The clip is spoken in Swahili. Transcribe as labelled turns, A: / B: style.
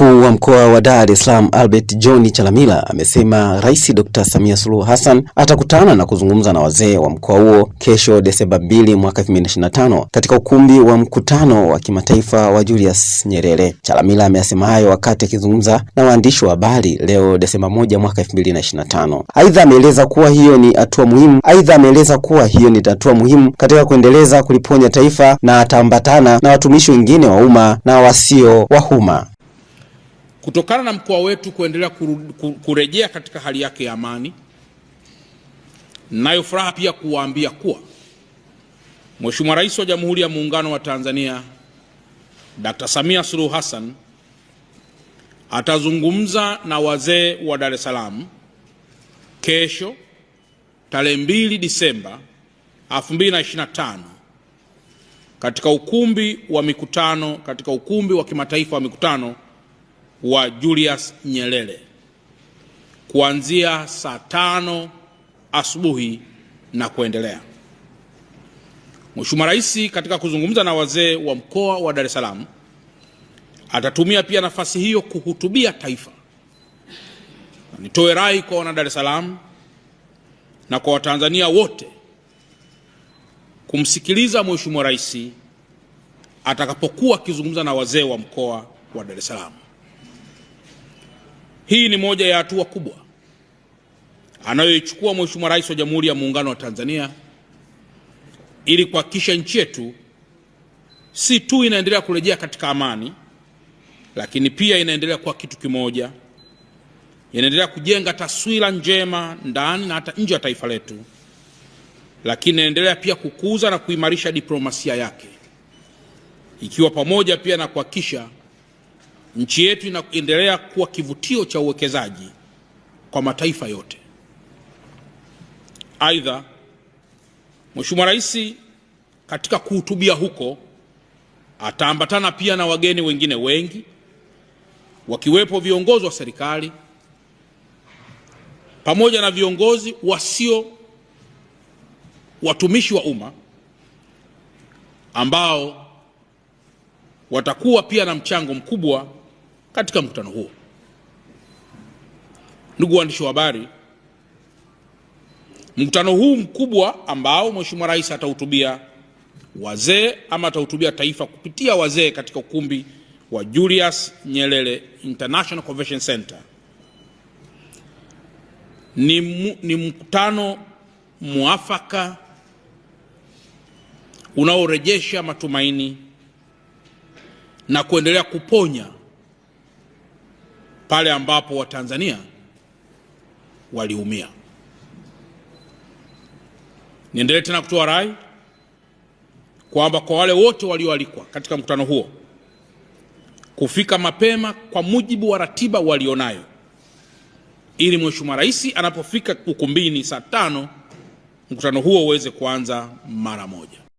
A: Mkuu wa mkoa wa Dar es Salaam Albert John Chalamila amesema Rais Dr. Samia Suluhu Hassan atakutana na kuzungumza na wazee wa mkoa huo kesho Desemba 2 mwaka 2025 katika ukumbi wa mkutano wa kimataifa wa Julius Nyerere. Chalamila ameyasema hayo wakati akizungumza na waandishi wa habari leo Desemba 1 mwaka 2025. Aidha ameeleza kuwa hiyo ni hatua muhimu. Aidha ameeleza kuwa hiyo ni hatua muhimu katika kuendeleza kuliponya taifa na ataambatana na watumishi wengine wa umma na wasio wa umma
B: kutokana na mkoa wetu kuendelea kurejea katika hali yake ya amani. Nayo furaha pia kuwaambia kuwa Mheshimiwa Rais wa Jamhuri ya Muungano wa Tanzania Dr. Samia Suluhu Hassan atazungumza na wazee wa Dar es Salaam kesho tarehe 2 Disemba 2025 katika ukumbi wa mikutano katika ukumbi wa kimataifa wa mikutano wa Julius Nyerere kuanzia saa tano asubuhi na kuendelea. Mheshimiwa Rais katika kuzungumza na wazee wa mkoa wa Dar es Salaam atatumia pia nafasi hiyo kuhutubia taifa. Nitoe rai kwa wana Dar es Salaam na kwa Watanzania wote kumsikiliza Mheshimiwa Rais atakapokuwa akizungumza na wazee wa mkoa wa Dar es Salaam. Hii ni moja ya hatua kubwa anayoichukua Mheshimiwa Rais wa Jamhuri ya Muungano wa Tanzania ili kuhakikisha nchi yetu si tu inaendelea kurejea katika amani, lakini pia inaendelea kuwa kitu kimoja, inaendelea kujenga taswira njema ndani na hata nje ya taifa letu, lakini inaendelea pia kukuza na kuimarisha diplomasia yake, ikiwa pamoja pia na kuhakikisha Nchi yetu inaendelea kuwa kivutio cha uwekezaji kwa mataifa yote. Aidha, Mheshimiwa Rais katika kuhutubia huko ataambatana pia na wageni wengine wengi wakiwepo viongozi wa serikali pamoja na viongozi wasio watumishi wa umma ambao watakuwa pia na mchango mkubwa katika mkutano huo. Ndugu waandishi wa habari, mkutano huu mkubwa ambao Mheshimiwa Rais atahutubia wazee ama atahutubia taifa kupitia wazee katika ukumbi wa Julius Nyerere International Convention Center ni, mu, ni mkutano mwafaka unaorejesha matumaini na kuendelea kuponya pale ambapo Watanzania waliumia. Niendelee tena kutoa rai kwamba kwa wale wote walioalikwa katika mkutano huo kufika mapema kwa mujibu wa ratiba walionayo, ili Mheshimiwa Rais anapofika ukumbini saa tano mkutano huo uweze kuanza mara moja.